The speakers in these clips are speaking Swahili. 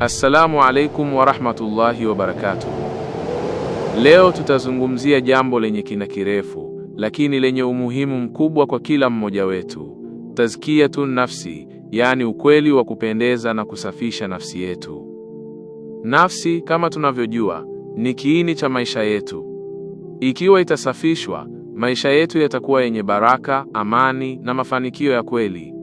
Assalamu alaikum warahmatullahi wabarakatuh. Leo tutazungumzia jambo lenye kina kirefu, lakini lenye umuhimu mkubwa kwa kila mmoja wetu: tazkiyatun nafsi, yaani ukweli wa kupendeza na kusafisha nafsi yetu. Nafsi kama tunavyojua ni kiini cha maisha yetu. Ikiwa itasafishwa, maisha yetu yatakuwa yenye baraka, amani na mafanikio ya kweli.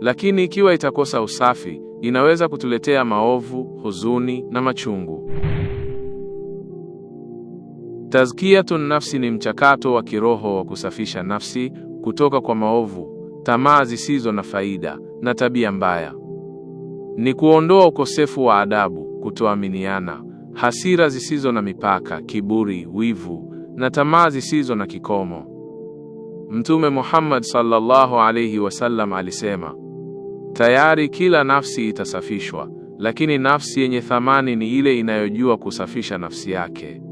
Lakini ikiwa itakosa usafi, inaweza kutuletea maovu, huzuni na machungu. Tazkiyatun nafsi ni mchakato wa kiroho wa kusafisha nafsi kutoka kwa maovu, tamaa zisizo na faida na tabia mbaya. Ni kuondoa ukosefu wa adabu, kutoaminiana, hasira zisizo na mipaka, kiburi, wivu na tamaa zisizo na kikomo. Mtume Muhammad sallallahu alayhi wasallam alisema Tayari kila nafsi itasafishwa, lakini nafsi yenye thamani ni ile inayojua kusafisha nafsi yake.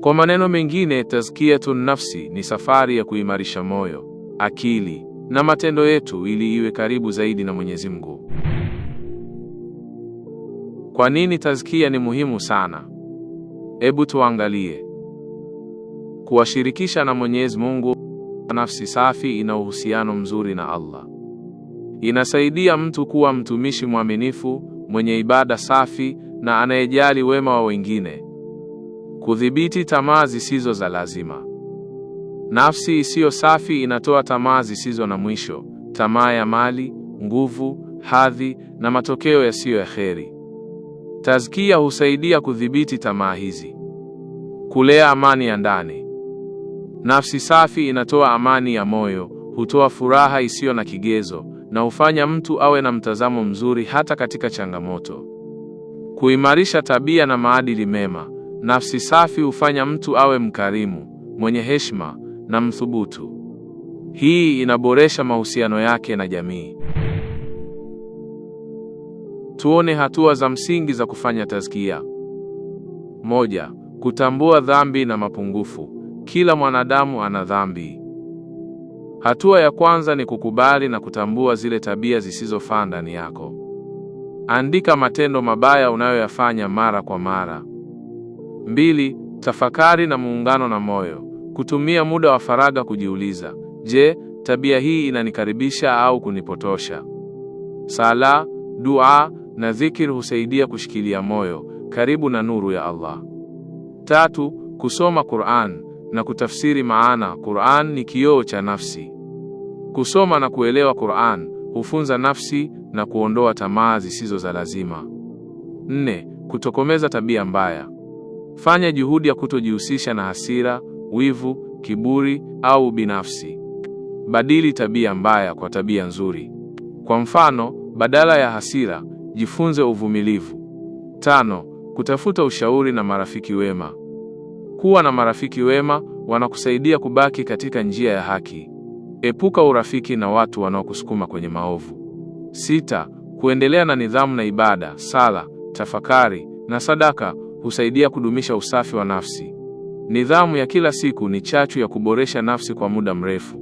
Kwa maneno mengine, tazkiyatu nafsi ni safari ya kuimarisha moyo, akili na matendo yetu ili iwe karibu zaidi na Mwenyezi Mungu. Kwa nini tazkia ni muhimu sana? Hebu tuangalie. Kuwashirikisha na Mwenyezi Mungu, nafsi safi ina uhusiano mzuri na Allah. Inasaidia mtu kuwa mtumishi mwaminifu, mwenye ibada safi na anayejali wema wa wengine. Kudhibiti tamaa zisizo za lazima. Nafsi isiyo safi inatoa tamaa zisizo na mwisho, tamaa ya mali, nguvu, hadhi na matokeo yasiyo ya heri. Tazkia husaidia kudhibiti tamaa hizi. Kulea amani ya ndani. Nafsi safi inatoa amani ya moyo, hutoa furaha isiyo na kigezo na hufanya mtu awe na mtazamo mzuri hata katika changamoto. Kuimarisha tabia na maadili mema. Nafsi safi hufanya mtu awe mkarimu, mwenye heshima na mthubutu. Hii inaboresha mahusiano yake na jamii. Tuone hatua za msingi za kufanya tazkia. Moja, kutambua dhambi na mapungufu. Kila mwanadamu ana dhambi. Hatua ya kwanza ni kukubali na kutambua zile tabia zisizofaa ndani yako. Andika matendo mabaya unayoyafanya mara kwa mara. Mbili, tafakari na muungano na moyo. Kutumia muda wa faraga kujiuliza, je, tabia hii inanikaribisha au kunipotosha? Sala, dua na dhikir husaidia kushikilia moyo karibu na nuru ya Allah. Tatu, kusoma Qur'an na kutafsiri maana. Qur'an ni kioo cha nafsi. Kusoma na kuelewa Qur'an hufunza nafsi na kuondoa tamaa zisizo za lazima. Nne, kutokomeza tabia mbaya. Fanya juhudi ya kutojihusisha na hasira, wivu, kiburi au binafsi. Badili tabia mbaya kwa tabia nzuri. Kwa mfano, badala ya hasira, jifunze uvumilivu. Tano, kutafuta ushauri na marafiki wema. Kuwa na marafiki wema wanakusaidia kubaki katika njia ya haki. Epuka urafiki na watu wanaokusukuma kwenye maovu. Sita, kuendelea na nidhamu na ibada, sala, tafakari na sadaka husaidia kudumisha usafi wa nafsi. Nidhamu ya kila siku ni chachu ya kuboresha nafsi kwa muda mrefu.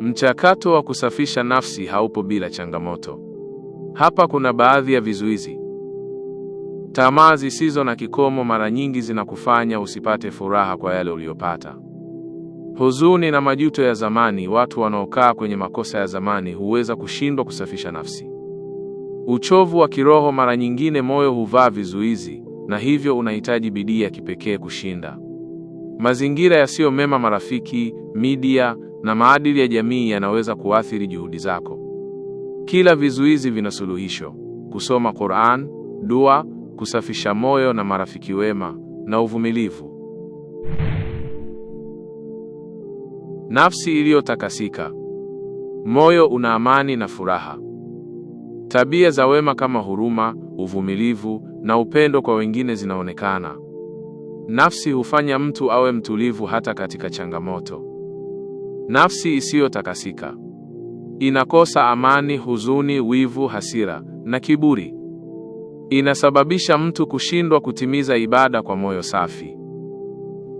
Mchakato wa kusafisha nafsi haupo bila changamoto. Hapa kuna baadhi ya vizuizi. Tamaa zisizo na kikomo mara nyingi zinakufanya usipate furaha kwa yale uliyopata. Huzuni na majuto ya zamani. Watu wanaokaa kwenye makosa ya zamani huweza kushindwa kusafisha nafsi. Uchovu wa kiroho, mara nyingine moyo huvaa vizuizi na hivyo unahitaji bidii ya kipekee kushinda. Mazingira yasiyo mema, marafiki, media na maadili ya jamii yanaweza kuathiri juhudi zako. Kila vizuizi vina suluhisho: kusoma Qur'an, dua kusafisha moyo na marafiki wema na uvumilivu. Nafsi iliyotakasika, moyo una amani na furaha. Tabia za wema kama huruma, uvumilivu na upendo kwa wengine zinaonekana. Nafsi hufanya mtu awe mtulivu hata katika changamoto. Nafsi isiyotakasika inakosa amani, huzuni, wivu, hasira na kiburi inasababisha mtu kushindwa kutimiza ibada kwa moyo safi.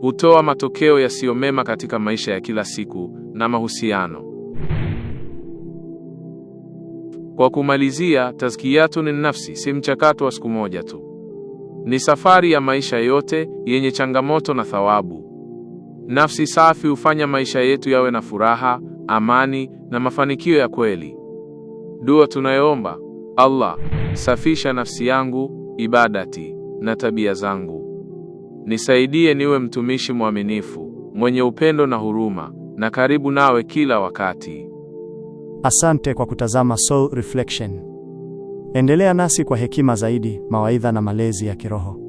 Hutoa matokeo yasiyo mema katika maisha ya kila siku na mahusiano. Kwa kumalizia, tazkiyatun nafsi si mchakato wa siku moja tu. Ni safari ya maisha yote yenye changamoto na thawabu. Nafsi safi hufanya maisha yetu yawe na furaha, amani na mafanikio ya kweli. Dua tunayoomba Allah, safisha nafsi yangu, ibadati na tabia zangu. Nisaidie niwe mtumishi mwaminifu, mwenye upendo na huruma, na karibu nawe kila wakati. Asante kwa kutazama Soul Reflection. Endelea nasi kwa hekima zaidi, mawaidha na malezi ya kiroho.